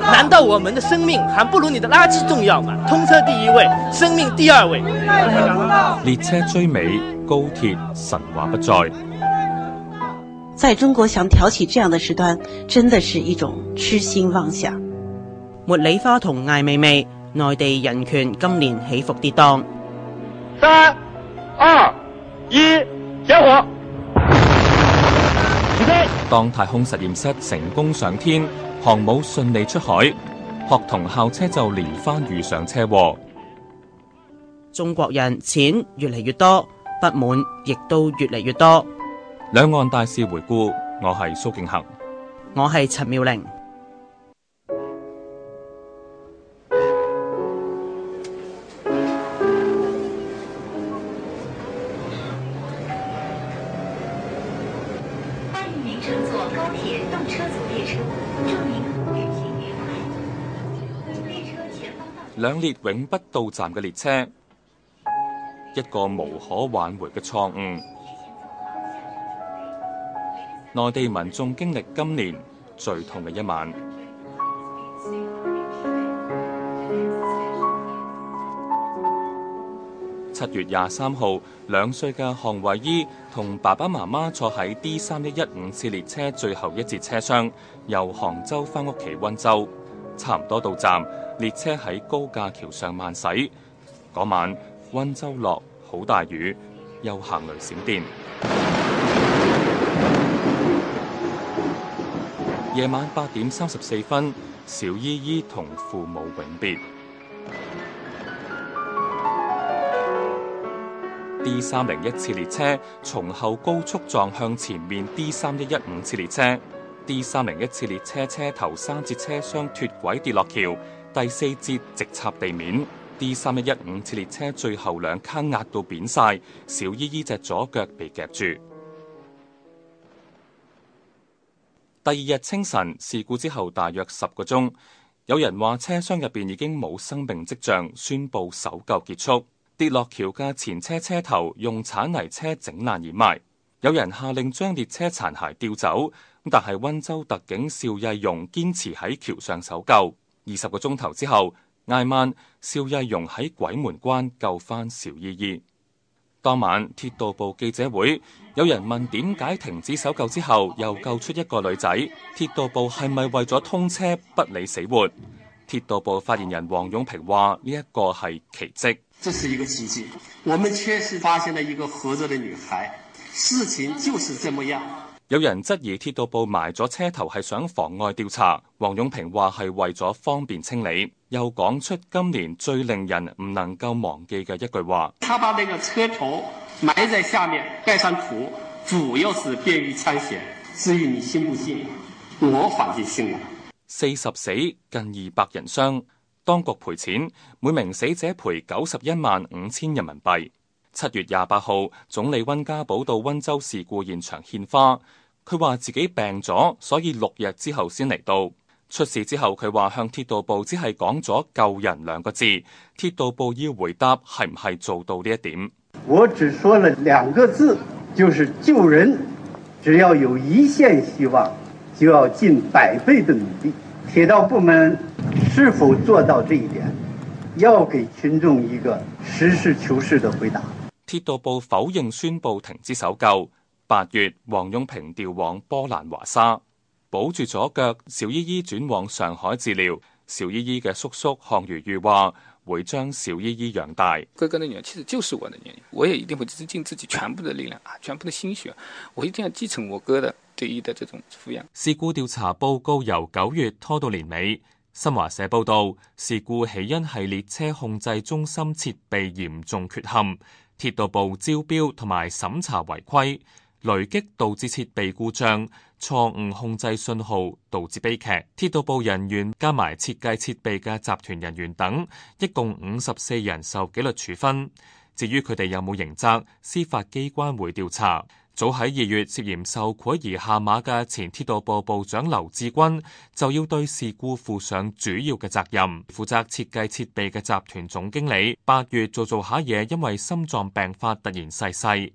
難道我們的生命還不如你的垃圾重要嗎？通車第一位，生命第二位。列車追尾，高鐵神話不再。在中國，想挑起這樣的事端，真的是一種痴心妄想。茉莉花同艾未未，內地人權今年起伏跌宕。三二一，點火。當太空實驗室成功上天，航母順利出海，學童校車就連番遇上車禍。中國人錢越嚟越多，不滿亦都越嚟越多。兩岸大事回顧，我係蘇敬恆，我係陳妙玲。列永不到站嘅列車，一個無可挽回嘅錯誤。內地民眾經歷今年最痛嘅一晚。七月廿三號，兩歲嘅項煒伊同爸爸媽媽坐喺 D 三一一五次列車最後一節車廂，由杭州返屋企溫州，差唔多到站。列車喺高架橋上慢駛，嗰晚温州落好大雨，又行雷閃電。夜 晚八點三十四分，小依依同父母永別。D 三零一次列車從後高速撞向前面 D 三一一五次列車，D 三零一次列車車頭三節車廂脱軌跌落橋。第四節直插地面。D 三一一五次列車最後兩卡壓到扁晒，小姨姨隻左腳被夾住。第二日清晨，事故之後大約十個鐘，有人話車廂入邊已經冇生命跡象，宣布搜救結束。跌落橋架前車車頭用鏟泥車整爛掩埋。有人下令將列車殘骸吊走，但係溫州特警邵義榮堅持喺橋上搜救。二十個鐘頭之後，挨晚，邵逸榮喺鬼門關救翻邵依依。當晚鐵道部記者會有人問：點解停止搜救之後又救出一個女仔？鐵道部係咪為咗通車不理死活？鐵道部發言人黃勇平話：呢一個係奇跡。這是一個奇跡，我們確實發現了一個活着的女孩，事情就是這麼樣。有人質疑鐵道部埋咗車頭，係想妨礙調查，黃永平話係為咗方便清理，又講出今年最令人唔能夠忘記嘅一句話。他把那個車頭埋在下面，蓋上土，主要是便於搶險。至於你信唔信，我反正信。四十死，近二百人傷，當局賠錢，每名死者賠九十一萬五千人民幣。七月廿八號，總理温家寶到温州事故現場獻花。佢話自己病咗，所以六日之後先嚟到。出事之後，佢話向鐵道部只係講咗救人兩個字。鐵道部要回答係唔係做到呢一點。我只說了兩個字，就是救人。只要有一線希望，就要盡百倍的努力。鐵道部門是否做到這一點，要給群眾一個實事求是的回答。鐵道部否認宣布停止搜救。八月，黃勇平調往波蘭華沙，保住左腳。小姨姨轉往上海治療。小姨姨嘅叔叔項如如話：會將小姨姨養大。哥哥的女兒其實就是我的女兒，我也一定會盡自己全部的力量，全部的心血，我一定要繼承我哥的對於的這種撫養。事故調查報告由九月拖到年尾。新華社報道，事故起因係列車控制中心設備嚴重缺陷，鐵道部招標同埋審查違規。雷擊導致設備故障，錯誤控制信號導致悲劇。鐵道部人員加埋設計設備嘅集團人員等，一共五十四人受紀律處分。至於佢哋有冇刑責，司法機關會調查。早喺二月涉嫌受賄而下馬嘅前鐵道部部長劉志軍，就要對事故負上主要嘅責任。負責設計設備嘅集團總經理，八月做做下嘢，因為心臟病發突然逝世。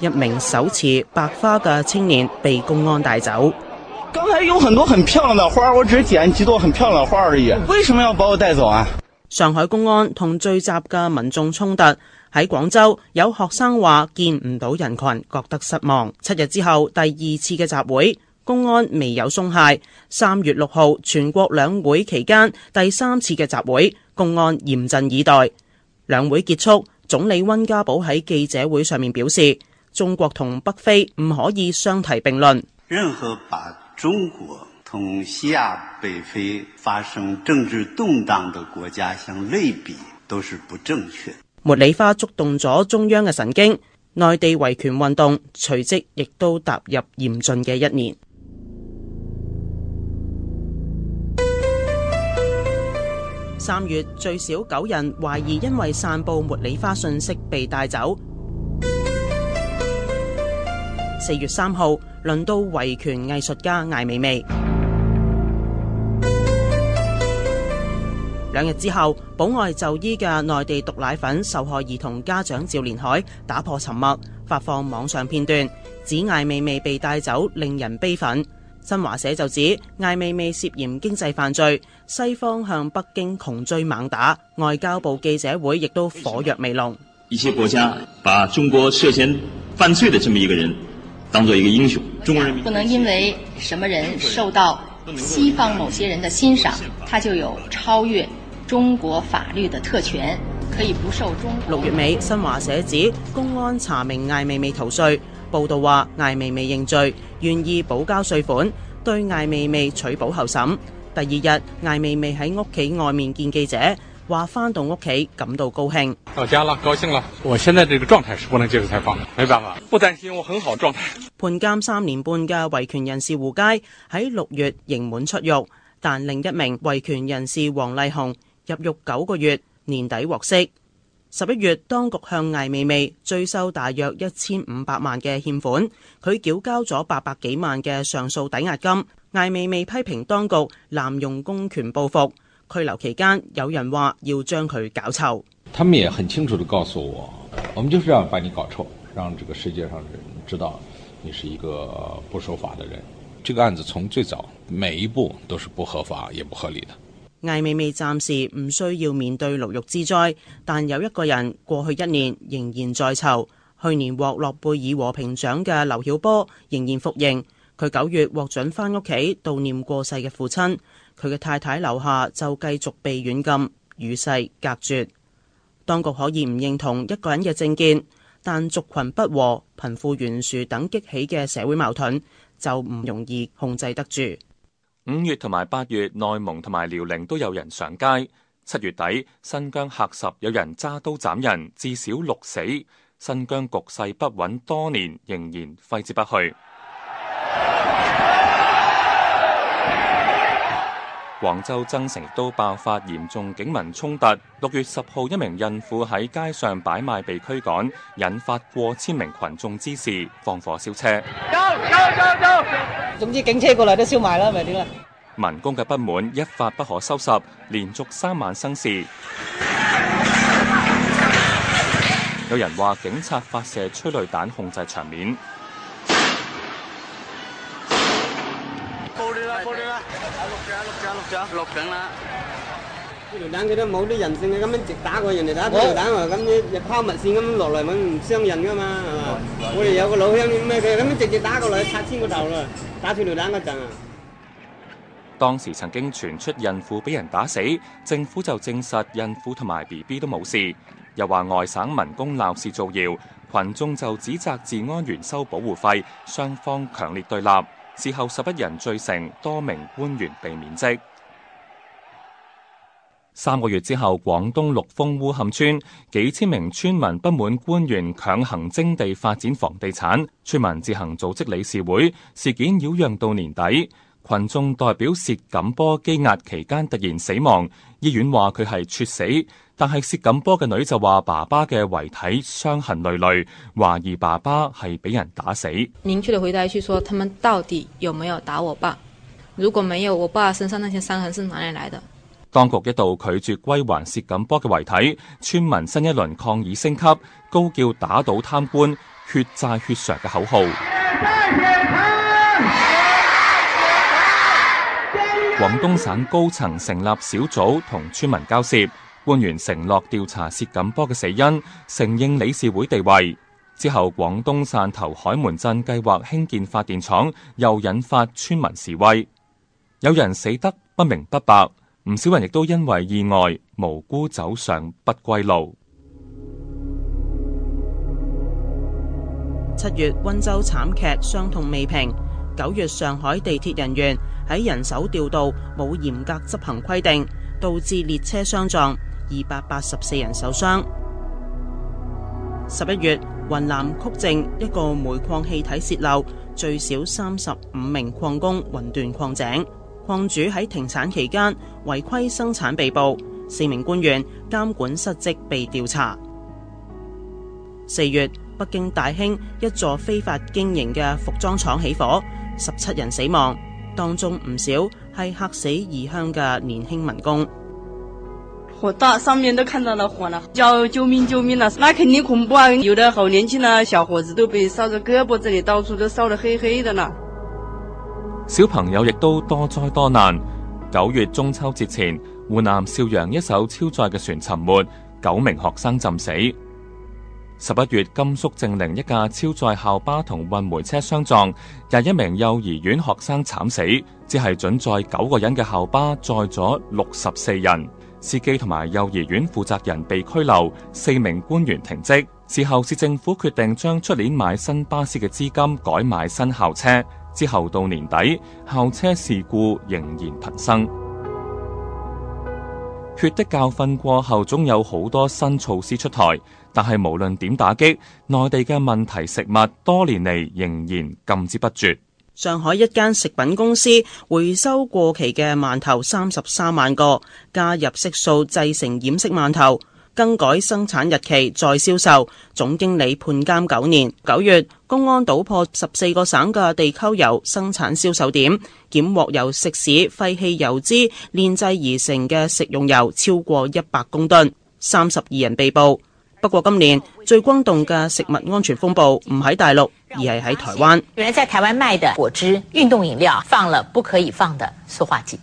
一名手持白花嘅青年被公安帶走。剛才有很多很漂亮的花，我只撿幾朵很漂亮的花而已。為什麼要把我帶走啊？上海公安同聚集嘅民眾衝突喺廣州，有學生話見唔到人群，覺得失望。七日之後第二次嘅集會，公安未有鬆懈。三月六號全國兩會期間第三次嘅集會，公安嚴陣以待。兩會結束。總理溫家寶喺記者會上面表示：中國同北非唔可以相提並論。任何把中國同西亞北非發生政治動盪嘅國家相類比，都是不正確。茉莉花觸動咗中央嘅神經，內地維權運動隨即亦都踏入嚴峻嘅一年。三月最少九人懷疑因為散布茉莉花信息被帶走。四月三號，輪到維權藝術家艾未未。兩日之後，保外就醫嘅內地毒奶粉受害兒童家長趙連海打破沉默，發放網上片段，指艾未未被帶走令人悲憤。新華社就指艾未未涉嫌經濟犯罪，西方向北京窮追猛打，外交部記者會亦都火藥味濃。一些國家把中國涉嫌犯罪的這麼一個人當做一個英雄，中國人民不能因為什麼人受到西方某些人的欣賞，他就有超越中國法律的特權，可以不受中國。六月尾，新華社指公安查明艾未未逃稅。報道話，艾未未認罪，願意補交稅款，對艾未未取保候審。第二日，艾未未喺屋企外面見記者，話翻到屋企感到高興。到家啦，高興啦！我現在這個狀態是不能接受採訪的，沒辦法。不擔心，我很好狀態。判監三年半嘅維權人士胡佳喺六月刑滿出獄，但另一名維權人士王麗紅入獄九個月，年底獲釋。十一月，當局向艾未未追收大約一千五百萬嘅欠款，佢繳交咗八百幾萬嘅上訴抵押金。艾未未批評當局濫用公權報復，拘留期間有人話要將佢搞臭。他們也很清楚地告訴我，我們就是要把你搞臭，讓這個世界上的人知道你是一個不守法的人。這個案子從最早每一步都是不合法也不合理的。艾未未暫時唔需要面對牢獄之災，但有一個人過去一年仍然在囚。去年獲諾貝爾和平獎嘅劉曉波仍然服刑。佢九月獲准翻屋企悼念過世嘅父親，佢嘅太太劉霞就繼續被軟禁，與世隔絕。當局可以唔認同一個人嘅政見，但族群不和、貧富懸殊等激起嘅社會矛盾，就唔容易控制得住。五月同埋八月，內蒙同埋遼寧都有人上街。七月底，新疆喀什有人揸刀斬人，至少六死。新疆局勢不穩多年，仍然揮之不去。廣州增城都爆發嚴重警民衝突。六月十號，一名孕婦喺街上擺賣被驅趕，引發過千名群衆之事，放火燒車。走，走，走，走總之警車過嚟都燒埋啦，咪點啊？民工嘅不滿一發不可收拾，連續三晚生事。有人話警察發射催淚彈控制場面。落緊啦！條彈佢都冇啲人性嘅，咁樣直打過人哋打條彈啊！咁樣又拋物線咁落嚟，咁唔傷人噶嘛，係嘛？我哋有個老鄉咁樣，佢咁樣直接打過嚟，拆穿個頭啦，打穿條彈個陣啊！當時曾經傳出孕婦俾人打死，政府就證實孕婦同埋 BB 都冇事，又話外省民工鬧事造謠，群眾就指責治安員收保護費，雙方強烈對立。事後十一人罪成，多名官員被免職。三個月之後，廣東陸豐烏坎村幾千名村民不滿官員強行徵地發展房地產，村民自行組織理事會。事件擾攘到年底，群眾代表薛錦波羈押期間突然死亡，醫院話佢係猝死，但係薛錦波嘅女就話爸爸嘅遺體傷痕累累，懷疑爸爸係俾人打死。明確的回答一句，說他們到底有沒有打我爸？如果沒有，我爸身上那些傷痕是哪裡來的？當局一度拒絕歸還薛錦波嘅遺體，村民新一輪抗議升級，高叫打倒貪官、血債血償嘅口號。廣東省高層成立小組同村民交涉，官員承諾調查薛錦波嘅死因，承認理事會地位。之後，廣東汕頭海門鎮計劃興建發電廠，又引發村民示威。有人死得不明不白。唔少人亦都因為意外無辜走上不歸路。七月溫州慘劇傷痛未平，九月上海地鐵人員喺人手調度冇嚴格執行規定，導致列車相撞，二百八十四人受傷。十一月雲南曲靖一個煤礦氣體洩漏，最少三十五名礦工魂斷礦井。礦主喺停產期間違規生產被捕，四名官員監管失職被調查。四月，北京大興一座非法經營嘅服裝廠起火，十七人死亡，當中唔少係嚇死異鄉嘅年輕民工。火大，上面都看到了火了，叫救命救命了！那肯定恐怖啊，有的好年輕的小伙子都被燒到胳膊，這裏到處都燒得黑黑的了。小朋友亦都多災多難。九月中秋節前，湖南邵陽一艘超載嘅船沉沒，九名學生浸死。十一月，甘肅正寧一架超載校巴同運煤車相撞，廿一名幼兒園學生慘死。只係准載九個人嘅校巴，載咗六十四人。司機同埋幼兒園負責人被拘留，四名官員停職。事後，市政府決定將出年買新巴士嘅資金改買新校車。之後到年底，校車事故仍然頻生。血的教訓過後，總有好多新措施出台，但係無論點打擊，內地嘅問題食物多年嚟，仍然禁之不絕。上海一間食品公司回收過期嘅饅頭三十三萬個，加入色素製成染色饅頭，更改生產日期再銷售，總經理判監九年。九月，公安搗破十四個省嘅地溝油生產銷售點，檢獲由食肆廢棄油脂煉製而成嘅食用油超過一百公噸，三十二人被捕。不過今年最轟動嘅食物安全風暴唔喺大陸，而係喺台灣。原來在台灣賣嘅果汁、運動飲料放了不可以放的塑化劑。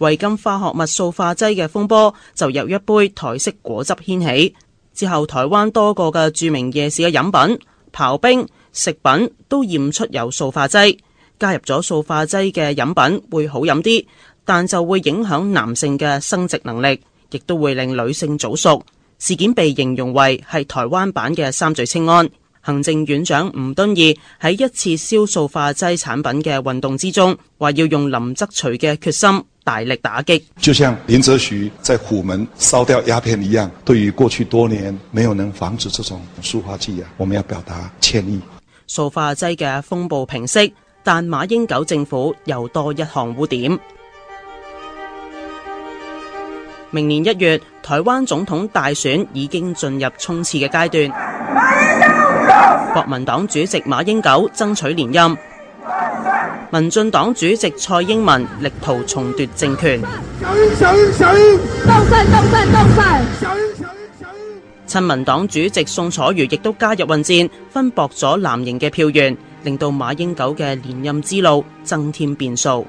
維金化學物塑化劑嘅風波就由一杯台式果汁掀起，之後台灣多個嘅著名夜市嘅飲品、刨冰、食品都驗出有塑化劑。加入咗塑化劑嘅飲品會好飲啲，但就會影響男性嘅生殖能力，亦都會令女性早熟。事件被形容為係台灣版嘅三聚氰胺。行政院長吳敦義喺一次燒塑化劑產品嘅運動之中，話要用林則徐嘅決心。大力打擊，就像林則徐在虎門燒掉鴉片一樣，對於過去多年沒有能防止這種塑化劑啊，我們要表達歉意。塑化劑嘅風暴平息，但馬英九政府又多一項污點。明年一月，台灣總統大選已經進入衝刺嘅階段。國民黨主席馬英九爭取連任。民進黨主席蔡英文力圖重奪政權。小親民黨主席宋楚瑜亦都加入混戰，分薄咗藍營嘅票源，令到馬英九嘅連任之路增添變數。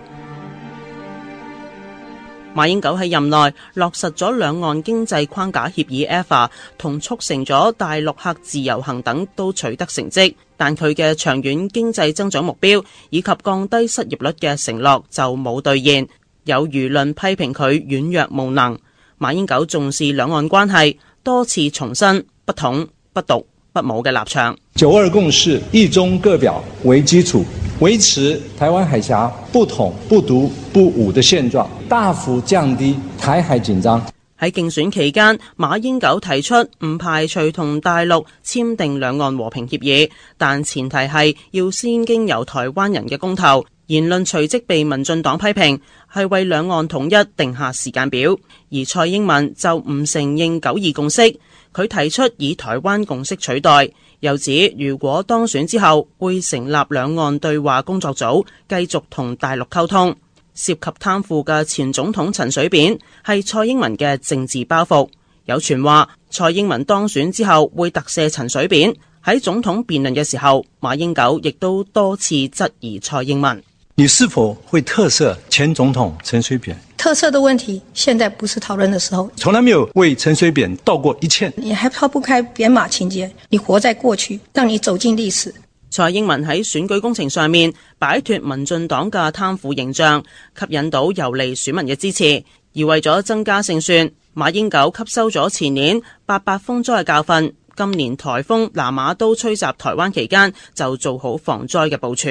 馬英九喺任內落實咗兩岸經濟框架協議 ECFA 同促成咗大陸客自由行等，都取得成績。但佢嘅長遠經濟增長目標以及降低失業率嘅承諾就冇兌現，有輿論批評佢軟弱無能。馬英九重視兩岸關係，多次重申不統不獨不武嘅立場。九二共識、一中各表為基礎，維持台灣海峽不統不獨不武嘅現狀，大幅降低台海緊張。喺競選期間，馬英九提出唔排除同大陸簽訂兩岸和平協議，但前提係要先經由台灣人嘅公投。言論隨即被民進黨批評，係為兩岸統一定下時間表。而蔡英文就唔承認九二共識，佢提出以台灣共識取代，又指如果當選之後會成立兩岸對話工作組，繼續同大陸溝通。涉及貪腐嘅前總統陳水扁係蔡英文嘅政治包袱，有傳話蔡英文當選之後會特赦陳水扁。喺總統辯論嘅時候，馬英九亦都多次質疑蔡英文。你是否會特赦前總統陳水扁？特赦的問題，現在不是討論的時候。從來沒有為陳水扁道過一歉。你還拋不開扁馬情節，你活在過去，讓你走進歷史。蔡英文喺選舉工程上面擺脫民進黨嘅貪腐形象，吸引到游離選民嘅支持。而為咗增加勝算，馬英九吸收咗前年八八風災嘅教訓，今年台風南瑪都吹襲台灣期間就做好防災嘅部署。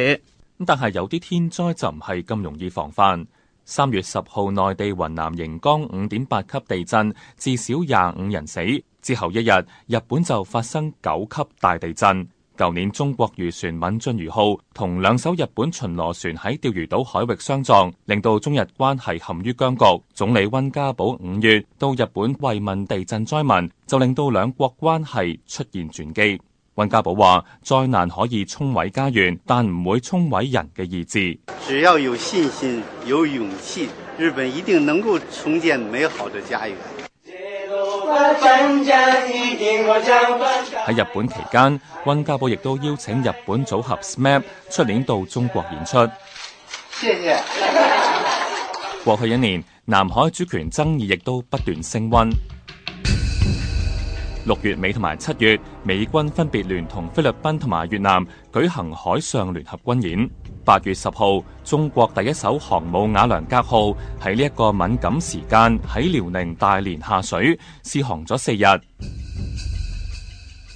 但係有啲天災就唔係咁容易防範。三月十號內地雲南盈江五點八級地震，至少廿五人死。之後一日，日本就發生九級大地震。舊年中國漁船閩晉漁號同兩艘日本巡邏船喺釣魚島海域相撞，令到中日關係陷於僵局。總理温家寶五月到日本慰問地震災民，就令到兩國關係出現轉機。温家寶話：災難可以沖毀家園，但唔會沖毀人嘅意志。只要有信心、有勇氣，日本一定能夠重建美好的家園。喺日本期間，温家寶亦都邀請日本組合 SMAP 出年到中國演出。謝謝。過去一年，南海主權爭議亦都不斷升温。六月尾同埋七月，美軍分別聯同菲律賓同埋越南舉行海上聯合軍演。八月十號，中國第一艘航母瓦良格號喺呢一個敏感時間喺遼寧大連下水，試航咗四日。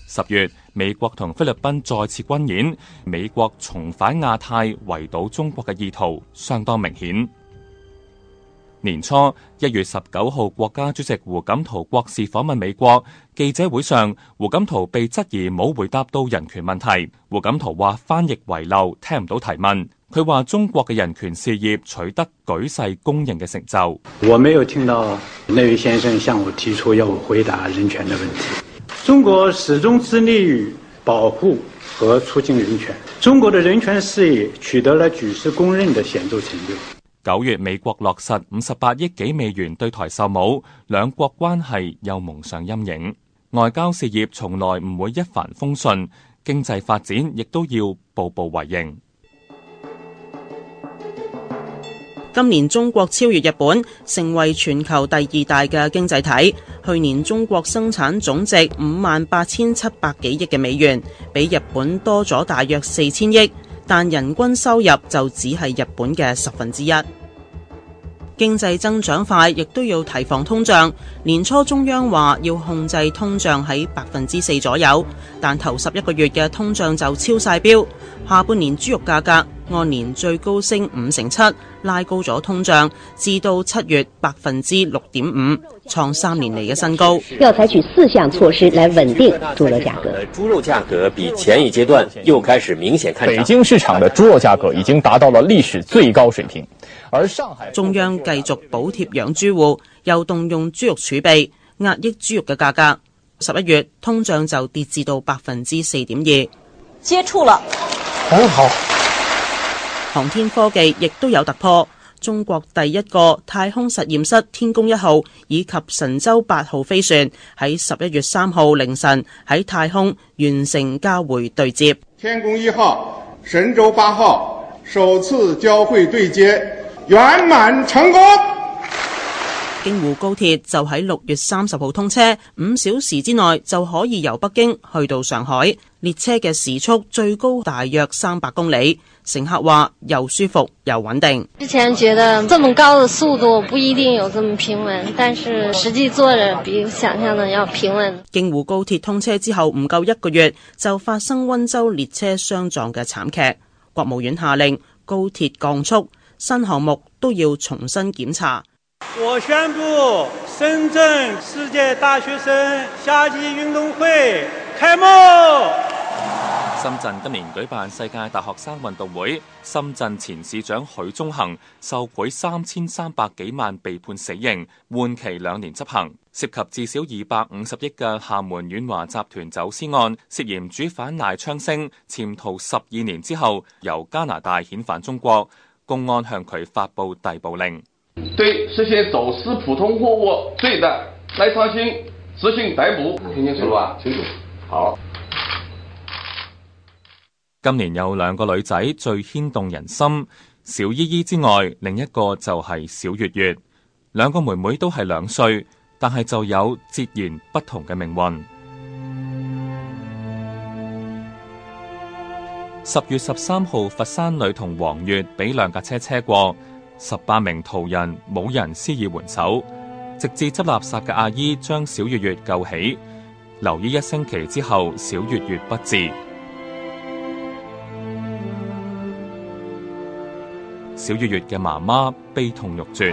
十月，美國同菲律賓再次軍演，美國重返亞太圍堵中國嘅意圖相當明顯。年初一月十九號，國家主席胡錦濤國事訪問美國，記者會上，胡錦濤被質疑冇回答到人權問題。胡錦濤話翻譯遺漏，聽唔到提問。佢話中國嘅人權事業取得舉世公認嘅成就。我沒有聽到那位先生向我提出要回答人權的問題。中國始終致力於保護和促進人權。中國的人權事業取得了舉世公認的顯著成就。九月美國落實五十八億幾美元對台售武，兩國關係又蒙上陰影。外交事業從來唔會一帆風順，經濟發展亦都要步步為營。今年中國超越日本，成為全球第二大嘅經濟體。去年中國生產總值五萬八千七百幾億嘅美元，比日本多咗大約四千億。但人均收入就只係日本嘅十分之一，經濟增長快，亦都要提防通脹。年初中央話要控制通脹喺百分之四左右，但頭十一個月嘅通脹就超晒標。下半年豬肉價格，按年最高升五成七，拉高咗通脹，至到七月百分之六點五，創三年嚟嘅新高。要採取四項措施來穩定豬肉價格。豬肉價格比前一階段又開始明顯看漲。北京市場的豬肉價格已經達到了歷史最高水平。而上海中央繼續補貼養豬戶，又動用豬肉儲備壓抑豬肉嘅價格。十一月通脹就跌至到百分之四點二。接觸了，很好。航天科技亦都有突破，中國第一個太空實驗室天宮一號以及神舟八號飛船喺十一月三號凌晨喺太空完成交會對接。天宮一號、神舟八號首次交會對接圓滿成功。京滬高鐵就喺六月三十號通車，五小時之內就可以由北京去到上海，列車嘅時速最高大約三百公里。乘客話又舒服又穩定。之前覺得這麼高嘅速度不一定有這麼平穩，但是實際坐着比想象的要平穩。京滬高鐵通車之後唔夠一個月就發生溫州列車相撞嘅慘劇，國務院下令高鐵降速，新項目都要重新檢查。我宣布，深圳世界大學生夏季運動會開幕。深圳今年舉辦世界大學生運動會。深圳前市長許宗衡受賄三千三百幾萬，被判死刑，緩期兩年執行。涉及至少二百五十億嘅廈門遠華集團走私案，涉嫌主犯賴昌星潛逃十二年之後，由加拿大遣返中國。公安向佢發布逮捕令。對涉嫌走私普通貨物罪的賴昌星，執行逮捕，聽清楚啦，清楚。好。今年有兩個女仔最牽動人心，小依依之外，另一個就係小月月。兩個妹妹都係兩歲，但係就有截然不同嘅命運。十月十三號，佛山女童黃月俾兩架車車過，十八名途人冇人施以援手，直至執垃圾嘅阿姨將小悅悅救起。留醫一星期之後，小悅悅不治。小悅悅嘅媽媽悲痛欲絕。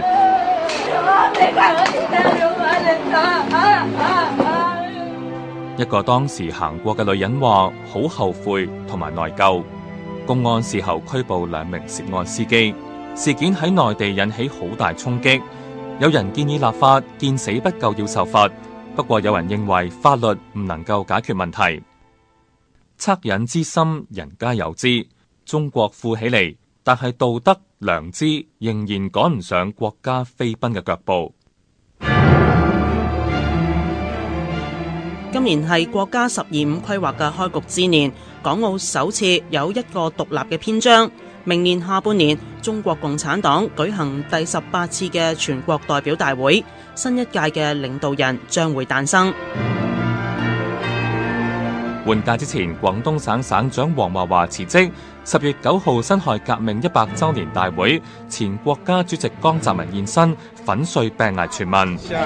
一個當時行過嘅女人話，好後悔同埋內疚。公安事後拘捕兩名涉案司機。事件喺內地引起好大衝擊，有人建議立法見死不救要受罰，不過有人認為法律唔能夠解決問題。惻隱之心，人皆有之。中國富起嚟，但係道德良知仍然趕唔上國家飛奔嘅腳步。今年係國家“十二五”規劃嘅開局之年，港澳首次有一個獨立嘅篇章。明年下半年，中國共產黨舉行第十八次嘅全國代表大會，新一屆嘅領導人將會誕生。換屆之前，廣東省省，省長黃華華辭職。十月九號，辛亥革命一百周年大會，前國家主席江澤民現身，粉碎病危傳聞。向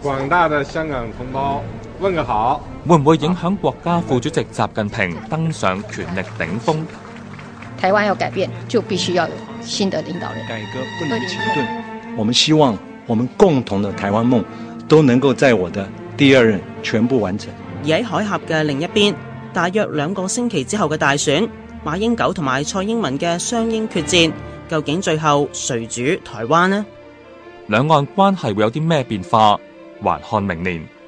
廣大的香港同胞問個好。會唔會影響國家副主席習近平登上權力頂峰？台灣要改變，就必須要有新的領導人。改革不能停頓。我們希望我們共同的台灣夢，都能夠在我的第二任全部完成。而喺海峽嘅另一邊，大約兩個星期之後嘅大選，馬英九同埋蔡英文嘅雙英決戰，究竟最後誰主台灣呢？兩岸關係會有啲咩變化？還看明年。